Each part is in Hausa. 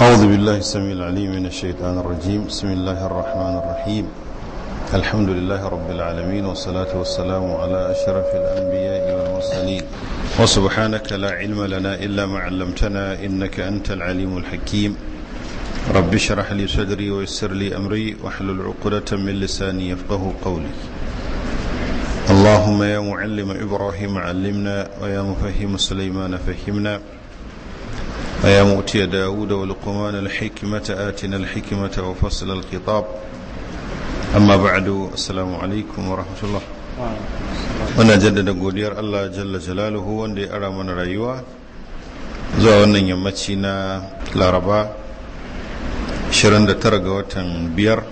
أعوذ بالله السميع العليم من الشيطان الرجيم بسم الله الرحمن الرحيم الحمد لله رب العالمين والصلاة والسلام على أشرف الأنبياء والمرسلين وسبحانك لا علم لنا إلا ما علمتنا إنك أنت العليم الحكيم رب اشرح لي صدري ويسر لي أمري واحلل عقدة من لساني يفقه قولي اللهم يا معلم إبراهيم علمنا ويا مفهم سليمان فهمنا يا مؤتي داود ولقمان الحكمة آتنا الحكمة وفصل الخطاب أما بعد السلام عليكم ورحمة الله muna jaddada godiyar Allah jalla jalaluhu wanda ya ara mana rayuwa zuwa wannan yammaci na laraba 29 ga watan 5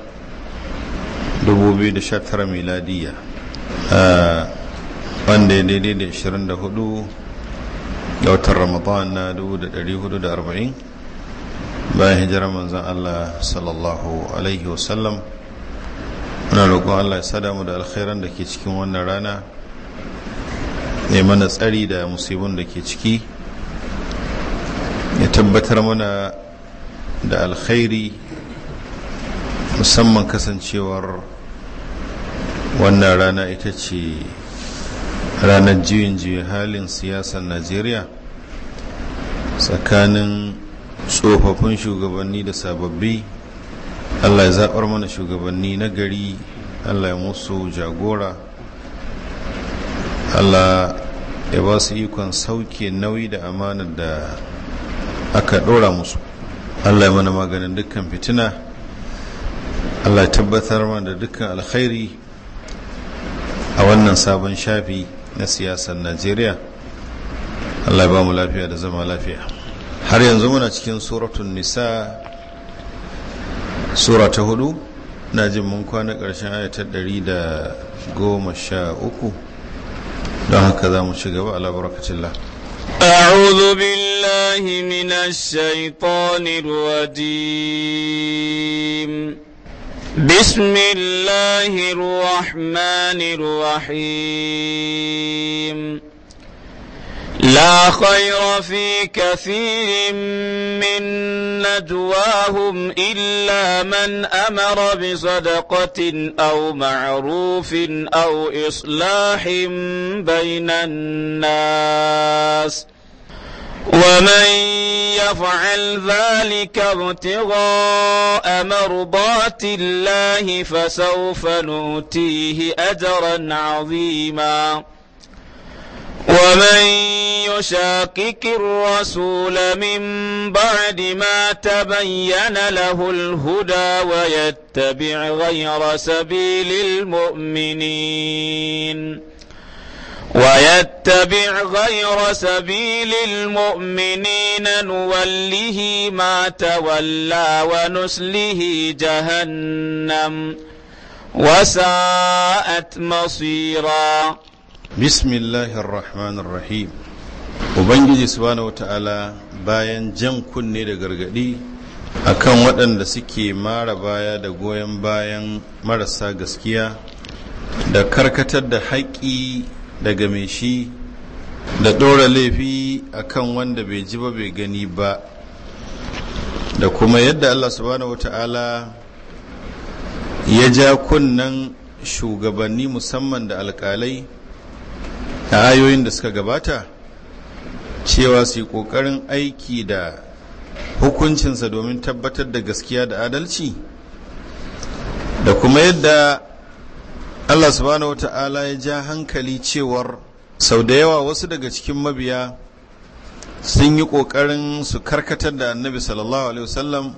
2019 miladiya wanda ya daidai da 24 da watan ramadan na 1440 bayan hijirar manzan Allah sallallahu alaihi wasallam muna roƙon Allah ya sada mu da alkhairan da ke cikin wannan rana ne mana tsari da musibin da ke ciki ya tabbatar mana da alkhairi musamman kasancewar wannan rana ita ce ranar juyin juyin halin siyasar najeriya tsakanin tsofaffin shugabanni da sababbi allah ya zaɓar mana shugabanni na gari allah ya musu jagora allah ya ba su ikon sauke nauyi da amanar da aka ɗora musu allah ya mana maganin dukkan fitina allah ya tabbatar mana da dukkan alkhairi a wannan sabon shafi na siyasar najeriya Allah ba mu lafiya da zama lafiya har yanzu muna cikin suratun nisa sura ta hudu na jin mun kwana ƙarshen ayatar ɗari da goma sha uku don haka za mu ci gaba alabarakacin أعوذ بالله من الشيطان الرجيم بسم الله الرحمن الرحيم لا خير في كثير من نجواهم إلا من أمر بصدقة أو معروف أو إصلاح بين الناس ومن يفعل ذلك ابتغاء مرضات الله فسوف نؤتيه أجرا عظيماً ومن يشاقق الرسول من بعد ما تبين له الهدى ويتبع غير سبيل المؤمنين ويتبع غير سبيل المؤمنين نوله ما تولى ونسله جهنم وساءت مصيرا bismillahir rahmanir rahim ubangiji subhanahu wata'ala bayan jan kunne da gargadi akan waɗanda suke mara baya da goyon bayan marasa gaskiya da karkatar da haƙƙi daga mai shi da ɗora laifi akan wanda bai ji ba bai gani ba da kuma yadda allah subhanahu wata'ala ya ja kunnen shugabanni musamman da alƙalai Da ayoyin da suka gabata cewa su yi ƙoƙarin aiki da hukuncinsa domin tabbatar da gaskiya da adalci da kuma yadda allah subhanahu wata'ala ya ja hankali cewar sau da yawa wasu daga cikin mabiya sun yi ƙoƙarin su karkatar da annabi sallallahu alaihi wasallam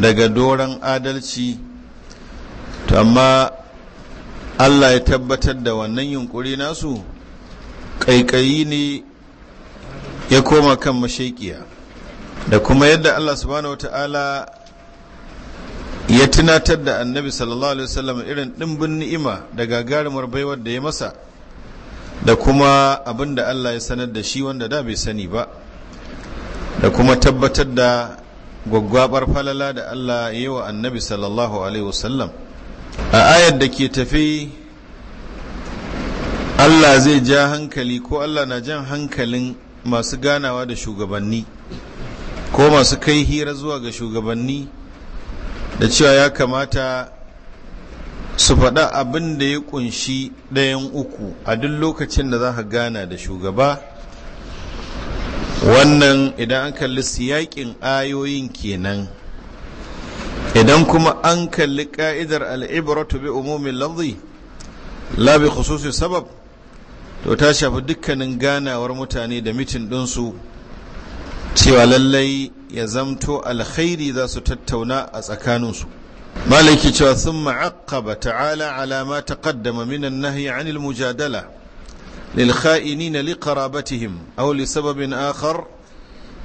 daga doron adalci to amma Allah ya tabbatar da wannan yunkuri nasu ƙaiƙayi ne ya koma kan mashaikiya da kuma yadda Allah subhanahu wata'ala ya tunatar da annabi sallallahu alaihi wasallam irin ɗimbin ni'ima da gagarumar baiwar da ya masa da kuma abin da Allah ya sanar da shi wanda da bai sani ba da kuma tabbatar da gwaggwabar falala da Allah ya yi wa annabi sallallahu alaihi wasallam a ayar da ke tafi Allah zai ja hankali ko Allah na jan hankalin masu ganawa da shugabanni ko masu kai hira zuwa ga shugabanni da cewa ya kamata su faɗa abin da ya kunshi ɗayan uku a duk lokacin da za ka gana da shugaba wannan idan an kalli siyaƙin ayoyin kenan idan kuma an kalli ka'idar al'ibratu bi umumin lafzi labi bi khususi sabab to ta shafi dukkanin ganawar mutane da mitin ɗinsu cewa lallai ya zamto alkhairi za su tattauna a tsakaninsu maliki cewa sun ma'aqqaba ta'ala alama ta kaddama min an-nahyi 'anil mujadala lil na li karabatihim aw li sababin akhar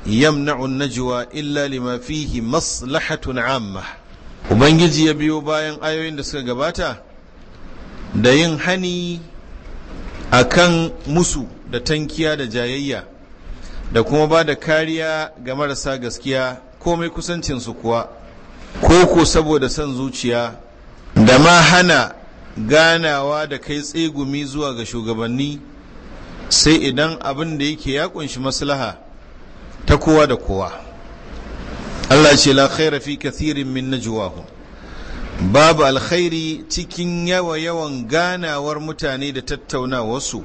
yamna'un najuwa illa lima fihi maslahatun amma ubangiji ya biyo bayan ayoyin da suka gabata da yin hani a kan musu da tankiya da jayayya da kuma ba da kariya ga marasa gaskiya komai kusancinsu kuwa ko ko saboda son zuciya da ma hana ganawa da kai tsegumi zuwa ga shugabanni sai idan abin da yake ya kunshi maslaha ta kowa da kowa Allah ce la khaira fi kathirin min babu alkhairi cikin yawa yawan ganawar mutane da tattaunawarsu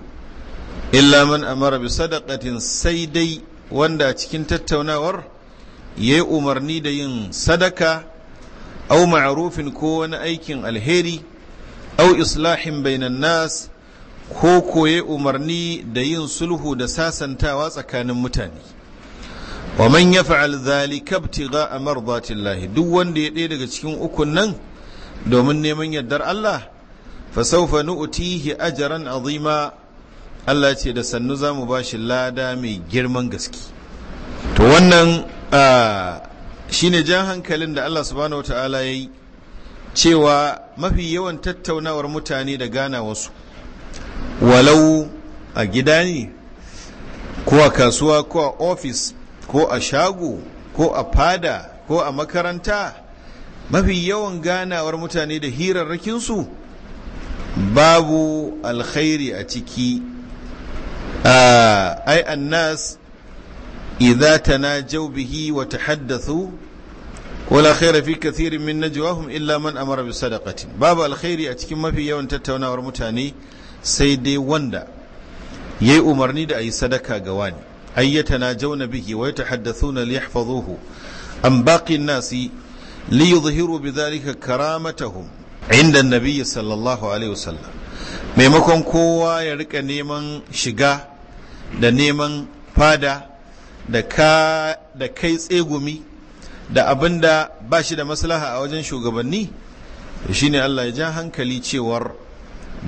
illa man amara bi sadaqatin sai dai wanda cikin tattaunawar ya yi umarni da yin sadaka au ma'arufin ko wani aikin alheri au islahin bainan nas ko koye umarni da yin sulhu da sasantawa tsakanin mutane wa man kabti ga a mardati Lahi, duk wanda ya ɗaya daga cikin ukun nan domin neman yardar Allah fa sawfa ajaran azima Allah ce da sannu za mu bashi lada mai girman gaske to wannan shine jan hankalin da Allah subhanahu ya yi cewa mafi yawan tattaunawar mutane da gana wasu walau a gida ne ko a kasuwa ko a ofis ko a shago ko a fada ko a makaranta mafi yawan ganawar mutane da hirarrakinsu babu alkhairi a ciki ai annas idza tanajaw bihi wa tahaddathu wala khaira fi kathirin min najwahum illa man amara bi sadaqatin babu alkhairi a cikin mafi yawan tattaunawar mutane sai dai wanda yayi umarni da ayi sadaka ga wani أي يتناجون به ويتحدثون ليحفظوه عن باقي الناس ليظهروا بذلك كرامتهم عند النبي صلى الله عليه وسلم maimakon kowa ya rika neman shiga da neman fada da kai tsegumi da abinda da ba shi da maslaha a wajen shugabanni shine Allah ya ja hankali cewar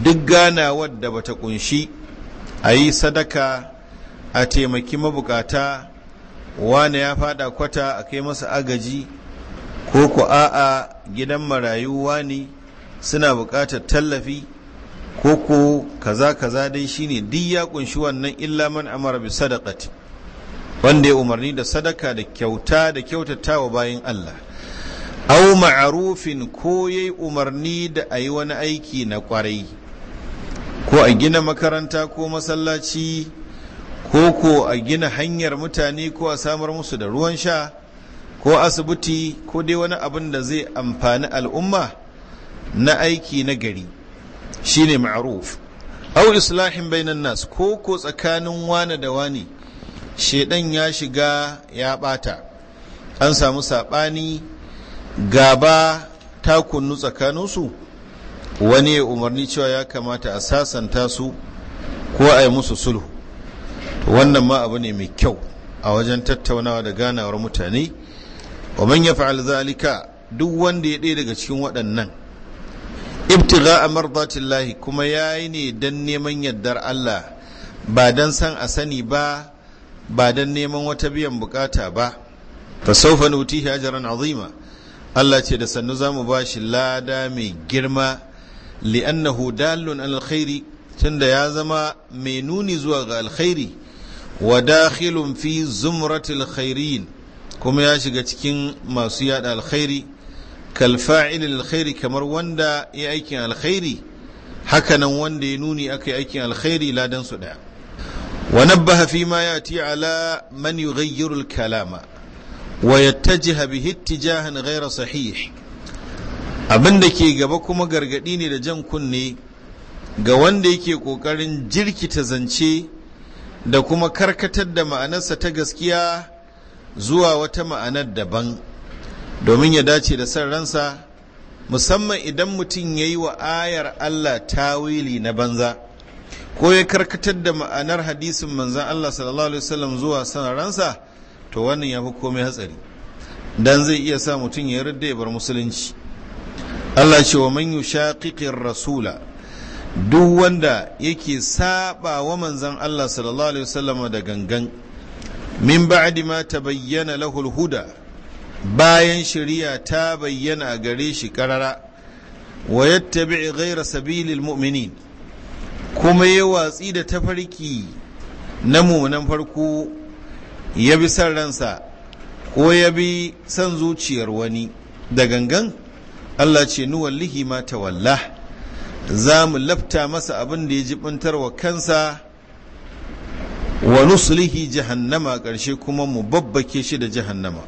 duk ganawar da bata kunshi a yi sadaka a taimaki mabukata wane ya fada kwata a kai masa agaji ko ku a'a gidan marayu wani suna bukatar tallafi ko ku kaza kaza dai shine duk ya kunshi wannan illa man amara bi sadaqati wanda ya umarni da sadaka da kyauta da kyautatawa bayan Allah au ma'arufin ko yayi umarni da a yi wani aiki na kwarai ko a gina makaranta ko masallaci ko ko a gina hanyar mutane ko a samar musu da ruwan sha ko asibiti ko dai wani abin da zai amfani al'umma na aiki na gari shine maaruf. au islahin bainan nas ko ko tsakanin wane da wani shedan ya shiga ya bata an samu sabani gaba ta kunnu tsakaninsu wani ya umarni cewa ya kamata a sasanta su ko a yi musu sulhu wannan ma abu ne mai kyau a wajen tattaunawa da ganawar mutane wa man yaf'al zalika duk wanda ya ɗaya daga cikin waɗannan ibtigha'a mardatillahi kuma yayi ne dan neman yardar Allah ba dan san a sani ba ba dan neman wata biyan bukata ba fa sawfa nutihi ajran azima Allah ce da sannu zamu bashi lada mai girma li'annahu dalun alkhairi tunda ya zama mai nuni zuwa ga alkhairi wa dakhilun fi zumratil khairin kuma ya shiga cikin masu yada alkhairi kal fa'ilil khairi kamar wanda ya aikin alkhairi Haka nan wanda ya nuni aka yi aikin alkhairi ladan su daya wa nabbaha fi ma yati ala man yughayyiru al-kalama wa yattajiha ghayra sahih abin da ke gaba kuma gargadi ne da jan kunne ga wanda yake kokarin jirkita zance da kuma karkatar da ma'anarsa ta gaskiya zuwa wata ma'anar daban domin ya dace da san ransa musamman idan mutum ya yi wa ayar Allah tawili na banza ko ya karkatar da ma'anar hadisin manzan Allah sallallahu alaihi wasallam zuwa san ransa to wannan ya fi komai hatsari dan zai iya sa mutum ya rudda ya bar musulunci Allah ce wa man yushaqiqir rasula duk wanda yake saba wa manzan Allah sallallahu alaihi wasallam da gangan min ba'di ma tabayyana lahul huda bayan shari'a ta bayyana a gare shi karara wa yattabi ghayra sabilil mu'minin kuma ya watsi da tafarki na mumunan farko ya bi san ransa ko ya bi san zuciyar wani da gangan Allah ce nuwallihi ma tawallah za mu lafta masa abin da ya jibintar wa kansa wa nuslihi jahannama ƙarshe kuma mu babbake shi da jahannama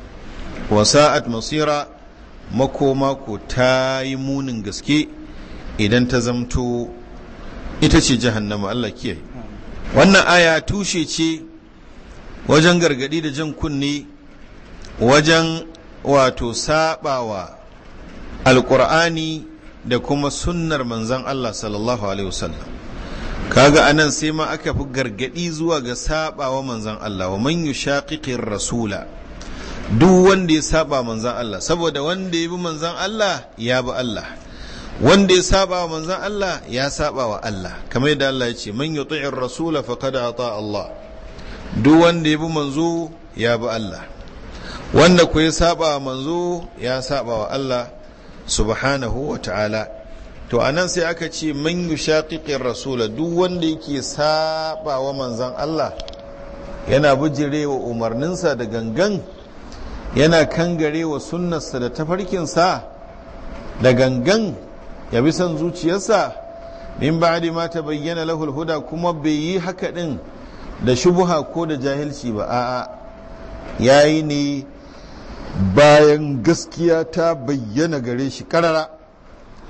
wa sa'at masira makoma ko ta yi munin gaske idan ta zamto ita ce jahannama Allah kiyaye wannan aya tushe ce wajen gargadi da jan kunne wajen wato sabawa alkur'ani da kuma sunnar manzan Allah sallallahu alaihi wasallam kaga anan sai ma aka fi gargadi zuwa ga sabawa manzan Allah wa man yushaqiqir rasula duk wanda ya saba manzan Allah saboda wanda ya bi manzan Allah ya bi Allah wanda ya saba wa manzan Allah ya saba wa Allah kamar yadda Allah ya ce man yuti'ir rasula faqad ata Allah duk wanda ya bi manzo ya bi Allah wanda ku ya saba wa manzo ya saba wa Allah subhanahu wa ta'ala to anan sai aka ce man yushaqiqir rasula duk wanda yake saba wa manzon Allah yana bijirewa umarninsa da gangan yana kangarewa sunnarsa da tafarkinsa da gangan ya bi son zuciyarsa min ba'di ma tabayyana lahu huda kuma bai yi haka din da shubuha ko da jahilci ba a'a yayi ne bayan gaskiya ta bayyana gare shi karara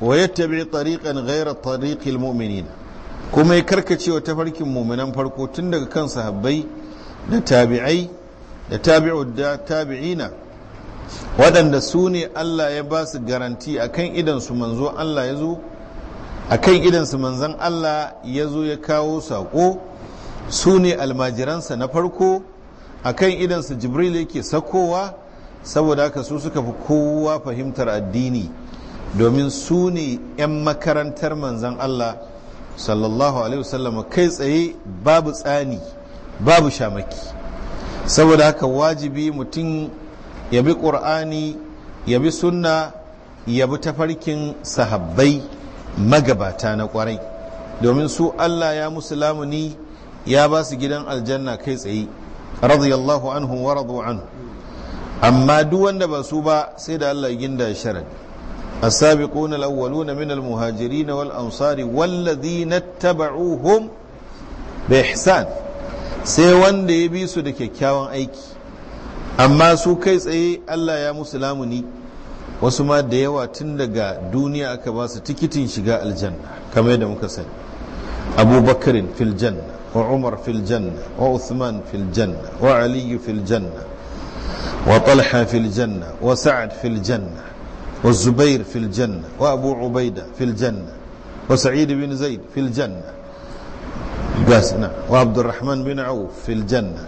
wa ya tabi tariƙan gaira tariƙil mu'minin kuma ya karkace wa tafarkin mu'minan farko tun daga kan sahabbai da tabi'ai da tabi'u da tabi'ina waɗanda su ne Allah ya ba su garanti akan idan su manzo Allah ya zo akan kan su manzan Allah ya zo ya kawo saƙo su ne almajiransa na farko akan kan su Jibril yake sakowa saboda haka su suka fi kowa fahimtar addini domin su ne 'yan makarantar manzan Allah sallallahu alaihi wasallam kai tsaye babu tsani babu shamaki saboda haka wajibi mutum ya bi ƙur'ani ya bi sunna ya bi tafarkin sahabbai magabata na ƙwarai domin su Allah ya musu lamuni ya ba su gidan aljanna kai tsaye radiyallahu anhu wa radu anhu amma duk wanda ba su ba sai da Allah ginda sharadi السابقون الأولون من wal والأنصار والذين اتبعوهم ihsan. sai wanda ya bi su da kyakkyawan aiki amma su kai tsaye Allah ya musu lamuni wasu ma da yawa tun daga duniya aka ba su tikitin shiga aljanna kamar yadda muka sani abubakarin fil janna wa umar fil janna wa uthman fil janna wa aliyu fil janna وطلحة في الجنة وسعد في الجنة والزبير في الجنة وأبو عبيدة في الجنة وسعيد بن زيد في الجنة قاسنا وعبد الرحمن بن عوف في الجنة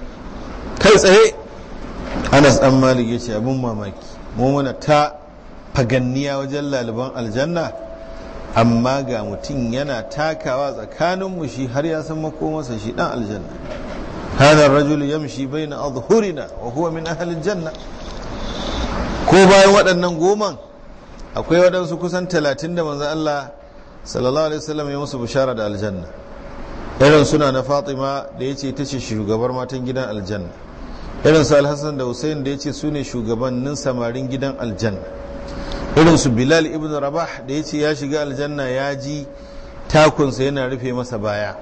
كيف هي أنس أمالي يشي أبو ماماكي مومنا تا فقنيا وجل لبن الجنة amma ga mutum تاكا وازا كانوا مشي هريا سمكو ya san الجنة هذا الرجل يمشي بين أظهرنا وهو من أهل الجنة ko bayan waɗannan goman akwai waɗansu kusan talatin da manzan Allah ya musu bishara da aljanna irin suna na fatima da ya ce ta ce shugabar matan gidan aljanna irin su da hussein da ya ce su ne shugabannin samarin gidan aljanna irin bilal ibn rabah da ya ce ya shiga aljanna ya ji takunsa yana rufe masa baya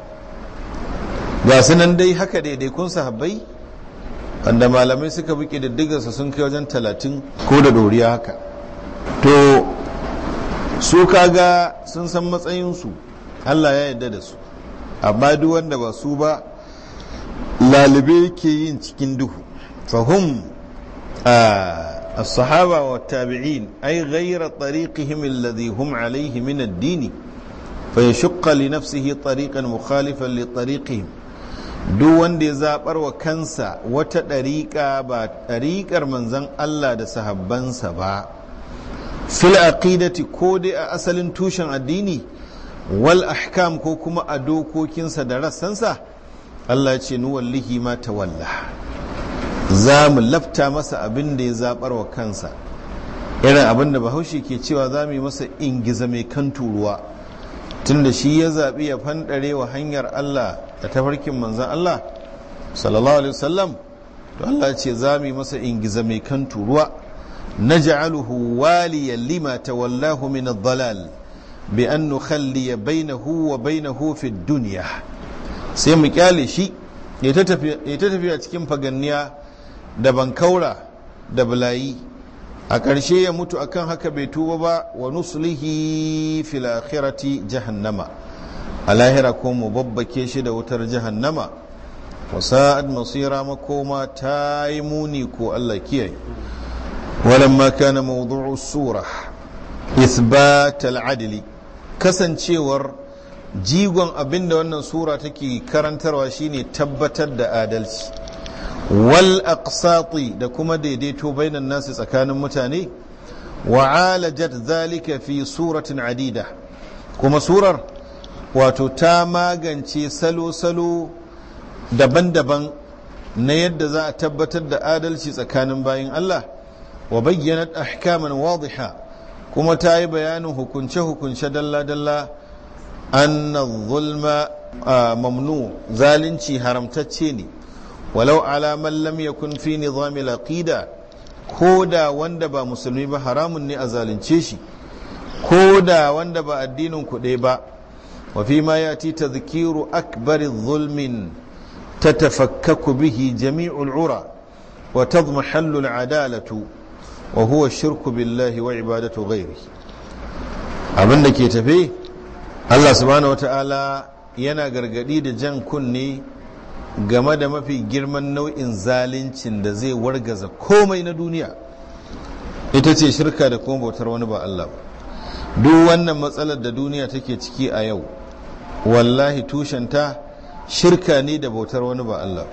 ga su nan dai haka daidai kun sahabbai wanda malamai suka bi ƙididdigarsa sun kai wajen talatin ko da doriya haka to su kaga sun san matsayinsu allah ya yarda da su amma duk wanda ba su ba lalibi ke yin cikin duhu fahim a sahaba wa tabi'in ai ghaira tariqihim alladhi hum alayhi min ad-din fa yashqa li nafsihi tariqan mukhalifan li tariqihim duk wanda ya zaɓar wa kansa wata ɗariƙa ba ɗariƙar manzan Allah da sahabbansa ba fil aqidati ko dai a asalin tushen addini wal ahkam ko kuma a dokokinsa da rassansa Allah ce nuwallihi ma tawalla za mu lafta masa abin da ya zaɓar wa kansa irin abin da bahaushe ke cewa za mu yi masa ingiza mai kan turuwa tunda shi ya zaɓi ya fanɗare wa hanyar Allah da tafarkin manzan Allah sallallahu alaihi wasallam to Allah ce za mu masa ingiza mai kan turuwa naj'aluhu waliyan lima tawallahu min ad-dalal bi an nukhalliya bainahu wa bainahu fi dunya sai mu kyale shi ya ta tafiya cikin faganniya da bankaura da balayi a ƙarshe ya mutu akan haka bai tuba ba wa nuslihi fil akhirati jahannama a lahira ko mu babbake shi da wutar jahannama wa sa'ad masira makoma ta yi muni ko Allah kiyaye maka kana mawdu'u sura ithbat al kasancewar jigon abinda wannan sura take karantarwa shine tabbatar da adalci wal aqsati da kuma daidaito bainan nasu tsakanin mutane wa alajat zalika fi suratin adida kuma surar wato ta magance salo-salo daban-daban na yadda za a tabbatar da adalci tsakanin bayin Allah wa bayyana ahkaman wadiha kuma ta yi bayanin hukunce-hukunce dalla-dalla anna zulma mamnu zalunci haramtacce ne walau ala man lam yakun fi nizamil ko da wanda ba musulmi ba haramun ne a zalunce shi ko da wanda ba addinin kuɗe ba وفي ما يأتي تذكير أكبر الظلم تتفكك به جميع العرى وتضمحل العدالة وهو الشرك بالله وعبادة غيره abin da ke tafe allah subhanahu wata'ala yana gargadi da jan kunne game da mafi girman nau'in zalincin da zai wargaza komai na duniya ita ce shirka da kuma bautar wani ba allah duk wannan matsalar da duniya take ciki a yau wallahi tushenta shirka ne da bautar wani ba Allah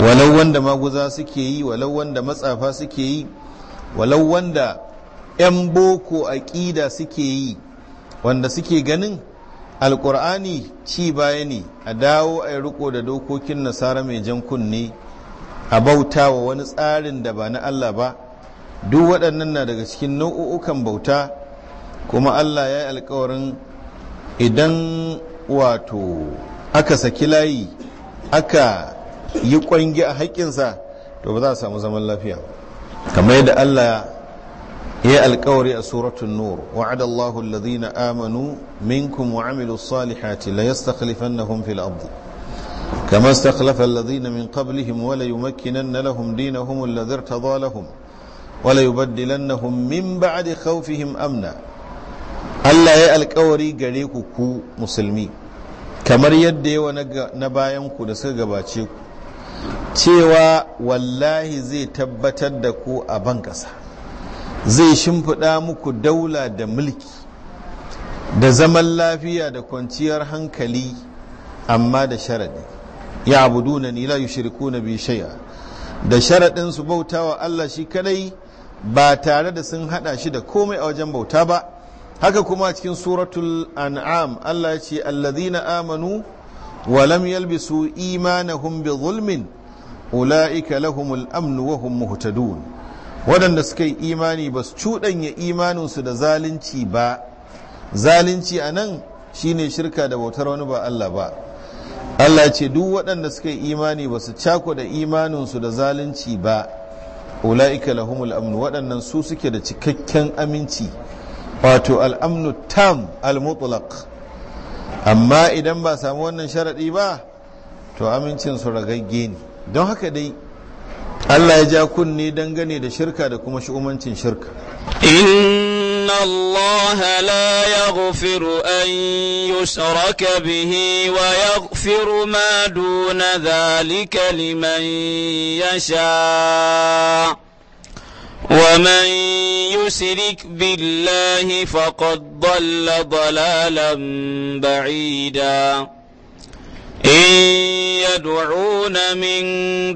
walau wanda maguza suke yi walau wanda matsafa suke yi walau wanda 'yan boko aƙida suke yi wanda suke ganin alkur'ani ci baya ne a dawo a riko da dokokin nasara mai jan kunne a bauta wa wani tsarin da ba na Allah ba duk waɗannan na daga cikin nau'ukan bauta kuma Allah ya yi alkawarin idan wato aka saki layi aka yi kwangi a haƙƙinsa to ba za a samu zaman lafiya kamar yadda Allah ya alkawari a suratun nur wa'ada Allahu alladhina amanu minkum wa amilu salihati la yastakhlifannahum fil ard kama istakhlafa alladhina min qablihim wa la yumakkinanna lahum dinahum alladhi irtadha lahum wa la yubaddilannahum min ba'di khawfihim amna Allah ya alkawari gare ku ku musulmi kamar yadda yawa na bayan ku da suka gabace ku cewa wallahi zai tabbatar da ku a ban ƙasa zai shimfiɗa muku daula da mulki da zaman lafiya da kwanciyar hankali amma da sharaɗi ya duna ni la yushriku na bi da sharaɗin su bautawa Allah shi kadai ba tare da sun haɗa shi da komai a wajen bauta ba haka kuma cikin suratul an'am Allah ya ce Allazina amanu wa lam yalbisu imanahum bi zulmin ula'ika lahumul amnu wa hum muhtadun waɗanda suka yi imani ba su cuɗanya imaninsu da zalunci ba zalunci a nan shine shirka da bautar wani ba Allah ba Allah ce duk waɗanda suka yi imani ba su cako da imaninsu da zalunci ba ula'ika lahumul amnu waɗannan su suke da cikakken aminci wato al'amnu tam al-mutlaq amma idan ba samu wannan sharaɗi ba to amincin su ragagge ne don haka dai Allah ya ja kunne dangane da shirka da kuma shi'umancin shirka إن الله لا يغفر أن bihi wa ويغفر ما دون ذلك لمن yasha. ومن يشرك بالله فقد ضل ضلالا بعيدا إن يدعون من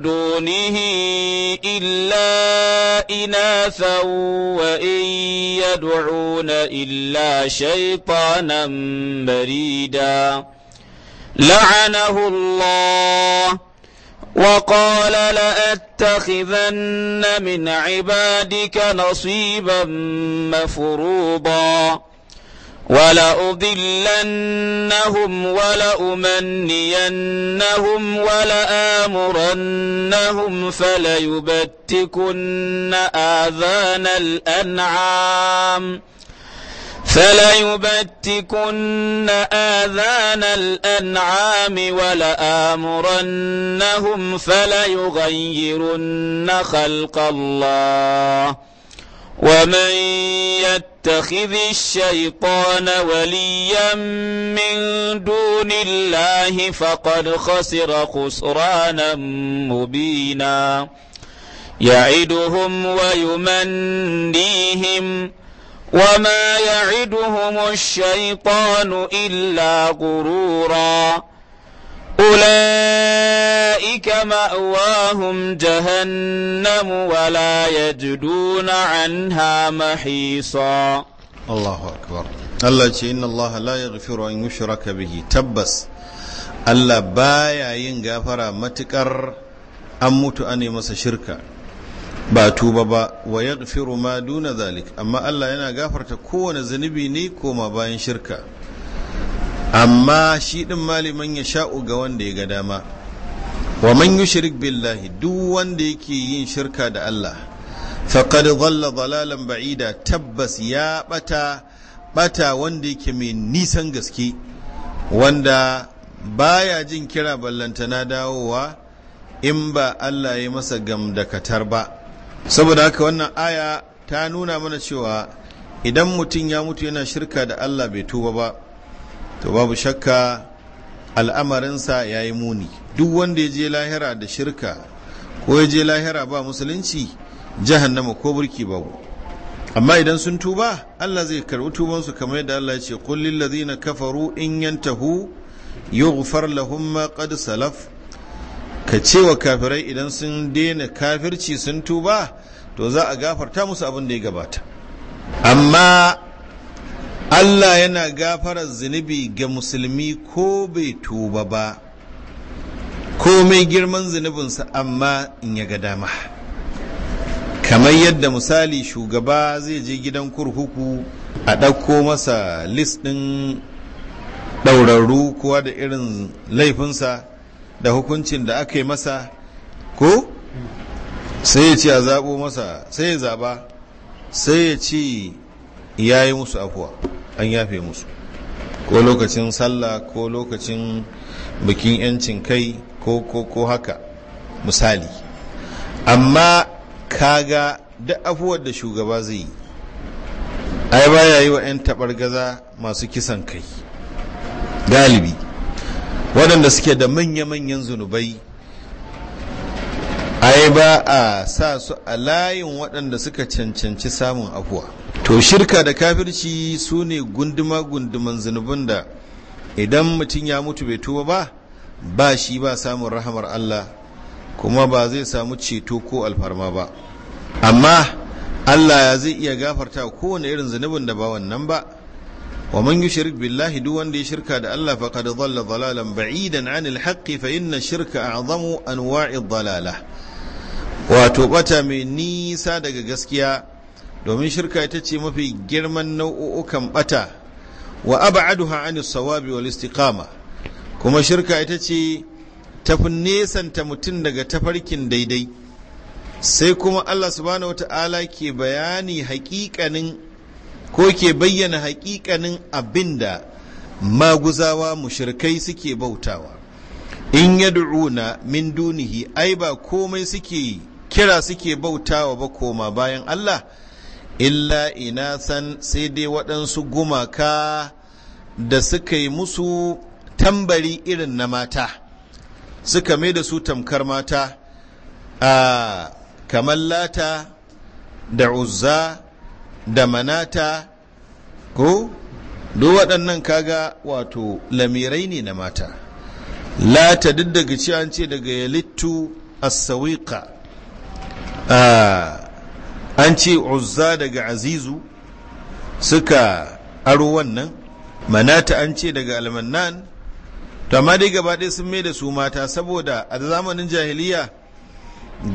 دونه إلا إناثا وإن يدعون إلا شيطانا مريدا لعنه الله وقال لأتخذن من عبادك نصيبا مفروضا ولأضلنهم ولأمنينهم ولآمرنهم فليبتكن آذان الأنعام ۖ فليبتكن آذان الأنعام ولآمرنهم فليغيرن خلق الله ومن يتخذ الشيطان وليا من دون الله فقد خسر خسرانا مبينا يعدهم ويمنيهم وما يعدهم الشيطان إلا غرورا أولئك مأواهم جهنم ولا يجدون عنها محيصا الله أكبر الله إن الله لا يغفر أن يشرك به تبس الله بايا ينغفر متكر أموت أني مس شركا ba tuba ba wa ya ma duna zalik amma Allah yana gafarta kowane zunubi ne koma bayan shirka amma shi ɗin maliman ya sha'u ga wanda ya ga dama wa man yushrik billahi duk wanda yake yin shirka da Allah faqad zalla-zalalan ba'ida tabbas ya ɓata-ɓata wanda yake mai nisan gaske wanda baya jin kira ballantana dawowa in ba Allah ya masa gamdakatar ba saboda haka wannan aya ta nuna mana cewa idan mutum ya mutu yana shirka da Allah bai tuba ba to babu shakka al'amarinsa ya yi muni duk wanda ya je lahira da shirka ko ya je lahira ba musulunci jahannama ko burki babu amma idan sun tuba Allah zai karɓi tubansu kamar yadda Allah ya ce kullum lil kafaru in yantahu yughfar lahum ma qad salaf ka ce wa kafirai idan sun daina kafirci sun tuba to za a gafarta musu abin da ya gabata amma Allah yana gafara zunubi ga musulmi ko bai tuba ba komai girman zunubinsa amma in ya ga dama kamar yadda misali shugaba zai je gidan kurkuku a ɗauko masa list ɗin ɗaurarru kuwa da irin laifinsa da hukuncin da aka yi masa ko sai ya ce a zaɓo masa sai ya zaɓa sai ya ce ya yi musu afuwa an yafe musu ko lokacin sallah ko lokacin bikin 'yancin kai ko ko ko haka misali amma kaga duk afuwar da shugaba zai yi ai baya yi wa 'yan taɓar gaza masu kisan kai galibi waɗanda suke da manya-manyan zunubai a ba a sa su a layin waɗanda suka cancanci samun afuwa to shirka da kafirci su ne gunduma-gunduman zunubin da idan mutum ya mutu bai tuba ba ba shi ba samun rahamar Allah kuma ba zai samu ceto ko alfarma ba amma Allah ya zai iya gafarta kowane irin zunubin da ba wannan ba wa man yushrik billahi duk wanda ya shirka da Allah faqad dhalla dhalalan ba'idan 'anil haqqi fa inna shirka a'zamu anwa'i dhalalah wato bata mai nisa daga gaskiya domin shirka ita ce mafi girman nau'ukan bata wa ab'aduha 'anis sawabi wal istiqama kuma shirka ita ce tafi nesanta mutum daga tafarkin daidai sai kuma Allah subhanahu wata'ala ke bayani hakikanin ko ke bayyana hakikanin abin da maguzawa mushrikai suke bautawa in yad'una min dunihi ai ba komai suke kira suke bautawa ba koma bayan Allah illa ina san sai dai waɗansu gumaka da suka yi musu tambari irin na mata suka mai da su tamkar mata a kamallata lata da uzza da manata ko duk waɗannan kaga wato lamirai ne na mata la ta duk daga ci an ce daga yalittu asawika A ah, an ce uzza daga azizu suka aro wannan manata an ce daga almannan to amma dai gaba ɗaya sun mai da su mata saboda a zamanin jahiliya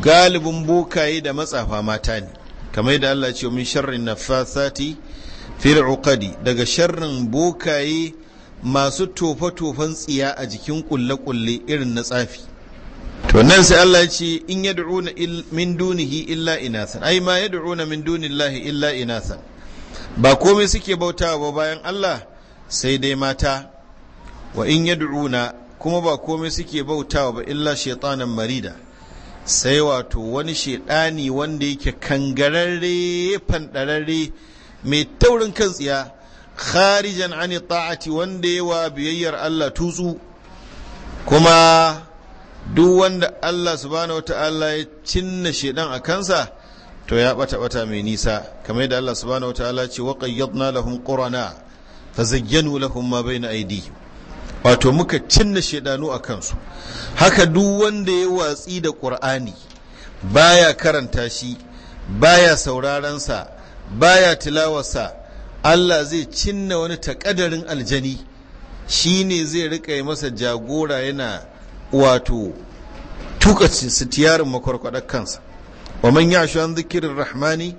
galibin bokaye da matsafa mata ne kamar da Allah ce min sharrin nafasati fil uqadi daga sharrin bokaye masu tofa-tofan tsiya a jikin kulle-kulle irin na tsafi to nan sai Allah ya ce in yad'una min dunihi illa inasan ai ma yad'una min dunillahi illa inasan ba komai suke bauta ba bayan Allah sai dai mata wa in yad'una kuma ba komai suke bautawa ba illa shaitanan marida sai wato wani shaidani wanda yake kangararre fandararre mai taurin kan tsiya kharijan ani ta'ati wanda yawa biyayyar Allah tutsu kuma duk wanda Allah subhanahu wata'ala ya cinna shaidan a kansa to ya bata bata mai nisa kamar yadda Allah subhanahu wata'ala ce wa qayyadna lahum qurana fazayyanu lahum ma bayna aydihim wato muka cinna shaidanu a kansu haka duk wanda ya watsi da ƙur'ani baya karanta shi baya saurarensa baya tilawarsa Allah zai cinna wani takadarin aljani shi ne zai riƙa masa jagora yana wato tuka sitiyarin makwarkwadar kansa wa man ya shi an zikirin rahmani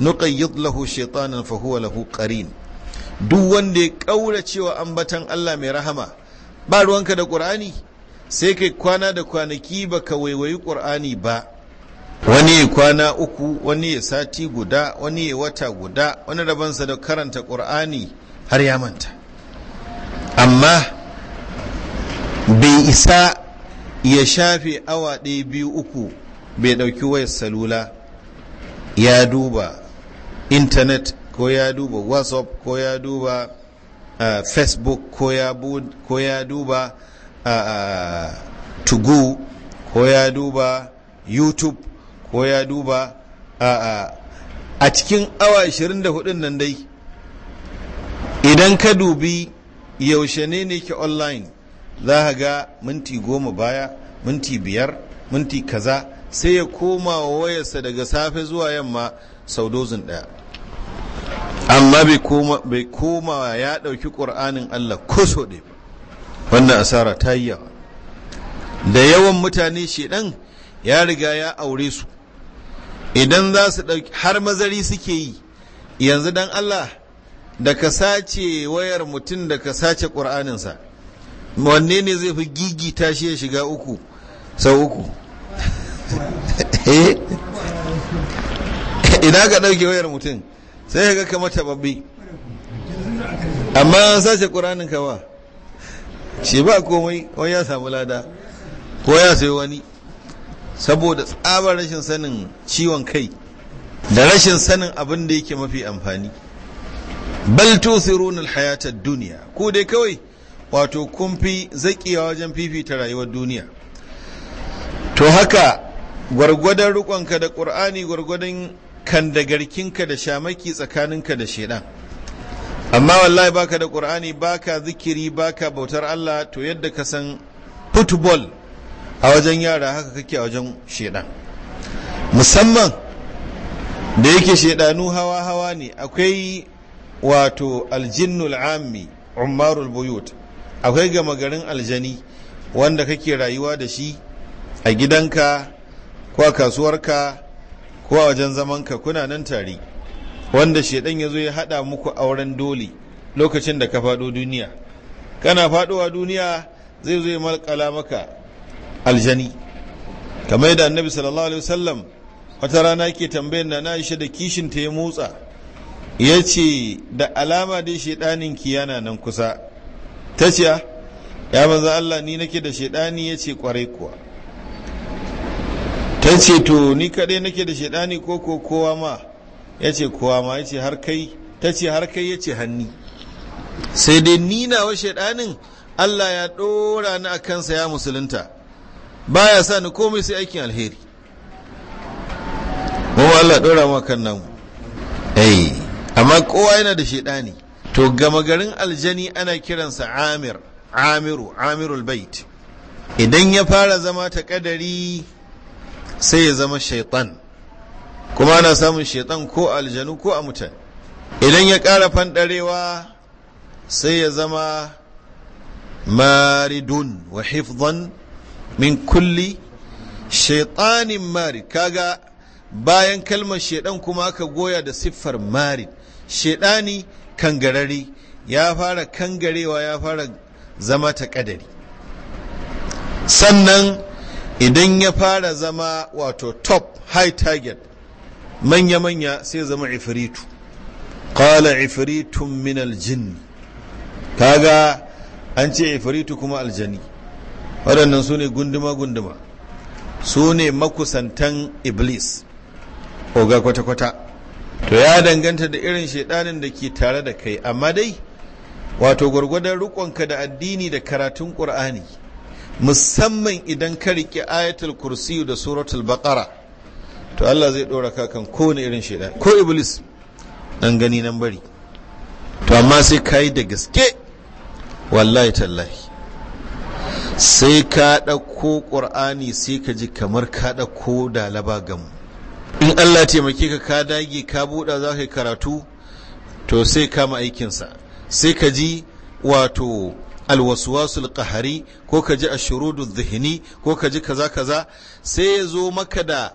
nuqayyid lahu shaitanin fahuwa lahu ƙarin. duk wanda ya kaura cewa ambatan Allah mai rahama ba ruwanka da ƙur'ani sai kai kwana da kwanaki ba ka waiwayi ƙur'ani ba wani ya kwana uku wani ya sati guda wani ya wata guda wani rabansa da karanta ƙur'ani har ya manta amma bai isa ya shafe awa ɗaya biyu uku bai ɗauki wayar salula ya duba intanet ko ya duba whatsapp ko ya duba facebook ko ya duba tugu ko ya duba youtube ko ya duba a cikin awa 24 nan dai idan ka dubi yaushe ne ne ke online za ka ga minti goma baya minti biyar minti kaza sai ya koma wayarsa daga safe zuwa yamma sau dozin daya. amma bai koma ya ɗauki ƙur'anin Allah ko so ɗaya wannan asara ta yi yawa da yawan mutane ɗan ya riga ya aure su idan za su ɗauki har mazari suke yi yanzu dan Allah da ka sace wayar mutum da ka sace ƙur'aninsa wanne ne zai fi gigita shi ya shiga uku sau uku eh? idan ka ɗauke wayar mutum sai ga kama tababbi amma an sace ƙuranin kawa shi ba komai wani ya samu lada ko ya sai wani saboda tsabar rashin sanin ciwon kai da rashin sanin abin da yake mafi amfani bal tusirun hayatar duniya ku dai kawai wato kun fi wajen fifita rayuwar duniya to haka gwargwadon rukonka da ƙur'ani gwargwadon kan da garkinka da shamaki tsakaninka da shaidan amma wallahi baka da qur'ani baka zikiri baka bautar Allah to yadda ka san football a wajen yara haka kake a wajen shaidan musamman da yake shaidanu hawa hawa ne akwai wato aljinnul ammi umarul buyut akwai gama garin aljani wanda kake rayuwa da shi a gidanka ko a kasuwarka ko a wajen zamanka kuna nan tare wanda shedan ya zo ya haɗa muku auren dole lokacin da ka fado duniya kana faɗowa duniya zai zo ya malkala maka aljani kamar yadda annabi sallallahu alaihi wasallam wata rana ke tambayar na na da kishin ta ya motsa ya ce da alama dai shedanin ki yana nan kusa ta ce ah, ya manzo Allah ni nake da shedani ya ce kwarai kuwa ta ce to ni kadai nake da shaidani ko ko kowa ma ya ce kowa ma ya ce har kai ta ce har kai ya ce hanni sai dai ni nawa shaidanin Allah ya ɗora ni a kansa ya musulunta baya sa ni komai sai aikin alheri kuma Allah ɗora ma kan namu ai eh, amma kowa yana da shaidani to gama garin aljani ana kiransa amir amiru amirul bait idan ya fara zama ta kadari sai ya zama shaitan kuma ana samun shaitan ko aljanu ko a mutane idan ya ƙara fanɗarewa sai ya zama maridun wa hifzan min kulli shaitanin mari kaga bayan kalmar shaiɗan kuma aka goya da siffar mari shaitani kangarari ya fara kangarewa ya fara zama ta kadari sannan idan ya fara zama wato top high target manya-manya sai zama ifiritu Kala ifiritun min aljin kaga an ce ifiritu kuma aljani waɗannan su ne gunduma-gunduma su ne makusantan iblis oga kwata-kwata to ya danganta da irin shaidanin da ke tare da kai amma dai wato gwargwadon rukonka da addini da karatun ƙur'ani musamman idan ka riƙe ayatul kursi da suratul baqara to Allah zai ɗora ka kan kowane irin shaidan ko iblis nan gani nan bari to amma sai ka yi da gaske wallahi tallahi sai ka ɗauko ƙur'ani sai ka ji kamar ka ɗauko da gamu in Allah taimake ka ka dage ka buɗa za ka yi karatu to sai kama aikinsa sai ka ji wato alwaswasul qahari ko ka ji ashurudu dhihni ko ka ji kaza kaza sai ya zo maka da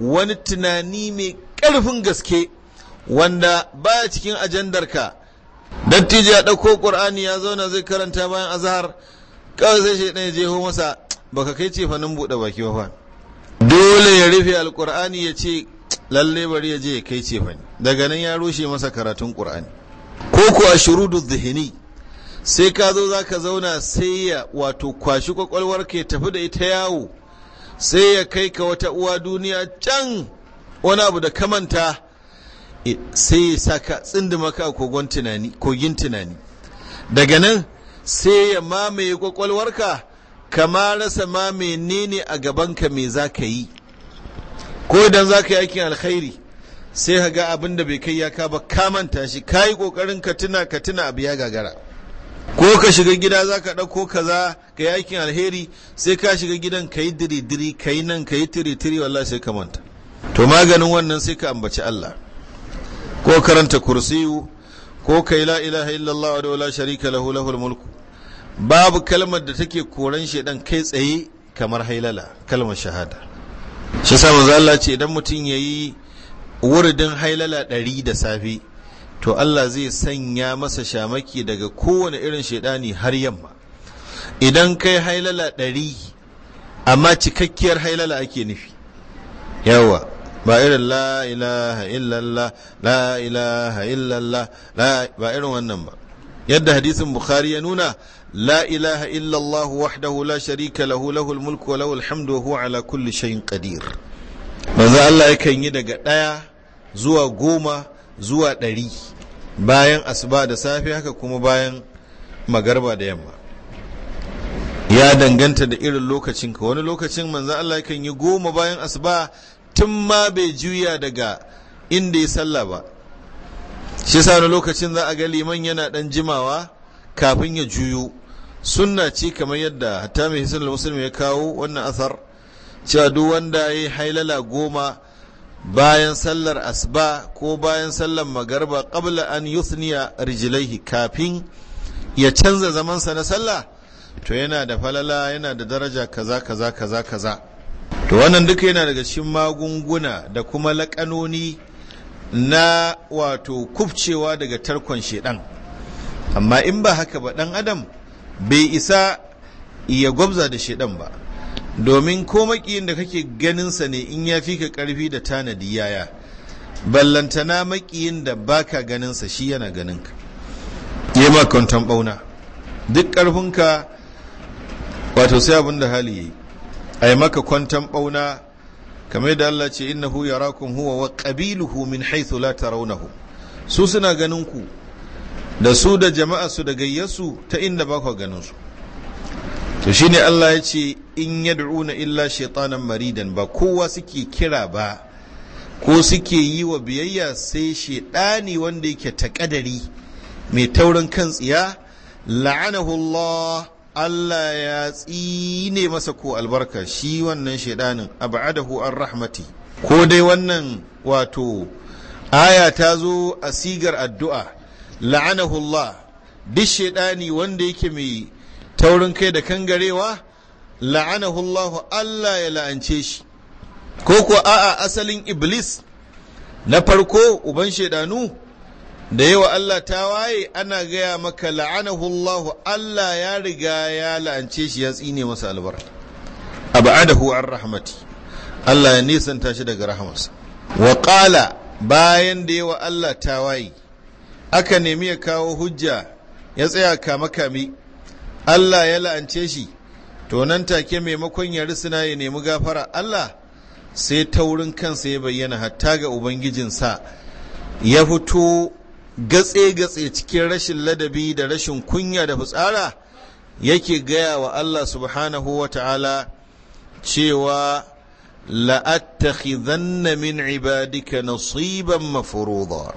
wani tunani mai ƙarfin gaske wanda ya cikin ajandarka dattijo ya ɗauko ƙur'ani ya zauna zai karanta bayan azhar kawai sai shi je jeho masa baka kai ce fanin buɗe baki ba dole ya rufe alƙur'ani ya ce lalle bari ya je ya kai ce fani daga nan ya rushe masa karatun ƙur'ani ko ku ashurudu dhihni sai ka zo za ka zauna sai ya wato kwashi kwakwalwar ka tafi da ita yawo sai ya kai ka wata uwa duniya can wani abu da kamanta sai ya sa ka tsindima ka kogin tunani daga nan sai ya mamaye kwakwalwarka kama rasa ne ne a gabanka mai za ka yi ko idan za ka yi aikin alkhairi sai ka ga abin da bai kai ya ka ba kamanta shi ka yi ƙoƙarin ka tuna ka tuna abu ya gagara ko ka shiga gida za ka ɗauko kaza ka yakin alheri sai ka shiga gidan ka yi diri ka yi nan ka yi tiri-tiri wallah sai ka manta to maganin wannan sai ka ambaci Allah ko karanta kursiyu ko ka yi la ilaha illallah wa la sharika lahu lahul mulku babu kalmar da take koran shaidan kai tsaye kamar hailala kalmar shahada shi sa manzo Allah ce idan mutum yayi wuridin hailala ɗari da safe to Allah zai sanya masa shamaki daga kowane irin shaidani har yamma idan kai hailala ɗari amma cikakkiyar hailala ake nufi yawa ba irin la ilaha illallah la ilaha illallah ba irin wannan ba yadda hadisin bukhari ya nuna la ilaha illallah wahdahu la sharika lahu lahul mulku wa lahul hamdu wa huwa ala kulli shay'in qadir manzo Allah yakan yi daga ɗaya zuwa goma zuwa ɗari bayan asuba da safe haka kuma bayan magarba da yamma ya danganta da irin lokacinka wani lokacin manzan Allah kan yi goma bayan asuba tun ma bai juya daga inda ya sallah ba shi sa wani lokacin za a ga liman yana ɗan jimawa kafin ya juyo sunna ce kamar yadda hatta mai hisan muslim ya kawo wannan asar cewa duk wanda ya yi hailala goma bayan sallar asba ko bayan sallar magarba qabla an yuthniya rijlaihi kafin ya canza zamansa na sallah to yana da falala yana da daraja kaza kaza kaza kaza to wannan duka yana daga cikin magunguna da kuma laƙanoni na wato kubcewa daga tarkon shedan amma in ba haka ba dan adam bai isa ya gwabza da shedan ba domin ko makiyin da kake ganinsa ne in ya fi ka karfi da tanadi yaya ballantana makiyin da baka ganinsa shi yana ganinka ya ma kwantan bauna duk karfinka wato sai abin da hali yi, a yi maka kwantan bauna kamar da Allah ce innahu yarakum huwa wa qabiluhu min haithu la tarawnahu su suna ganin ku da su da jama'a su da gayyasu ta inda ba ku ganin su to shine Allah ya ce in ya yad'una illa shaitanan maridan ba kowa suke kira ba ko suke yi wa biyayya sai shaidani wanda yake takadari mai taurin kan tsiya la'anahu Allah Allah ya tsine masa ko albarka shi wannan shaidanin ab'adahu an rahmati ko dai wannan wato aya ta zo a sigar addu'a la'anahu Allah duk shaidani wanda yake mai taurin kai da kangarewa la'anahu Allah Allah ya la'ance shi ko ko a'a asalin iblis na farko uban shaidanu da yawa Allah ta waye ana gaya maka la'anahu Allah Allah ya riga ya la'ance shi ya tsine masa albarka abadahu an rahmati Allah ya nisanta shi daga rahamarsa wa qala bayan da yawa Allah ta waye aka nemi ya kawo hujja ya tsaya kama kame Allah ya la'ance shi to nan take maimakon ya risina ya nemi gafara Allah sai ta wurin kansa ya bayyana hatta ga ubangijinsa ya fito gatse-gatse cikin rashin ladabi da rashin kunya da fitsara yake gaya wa Allah subhanahu wa ta'ala cewa la'attakhidhanna min ibadika nasiban mafuruda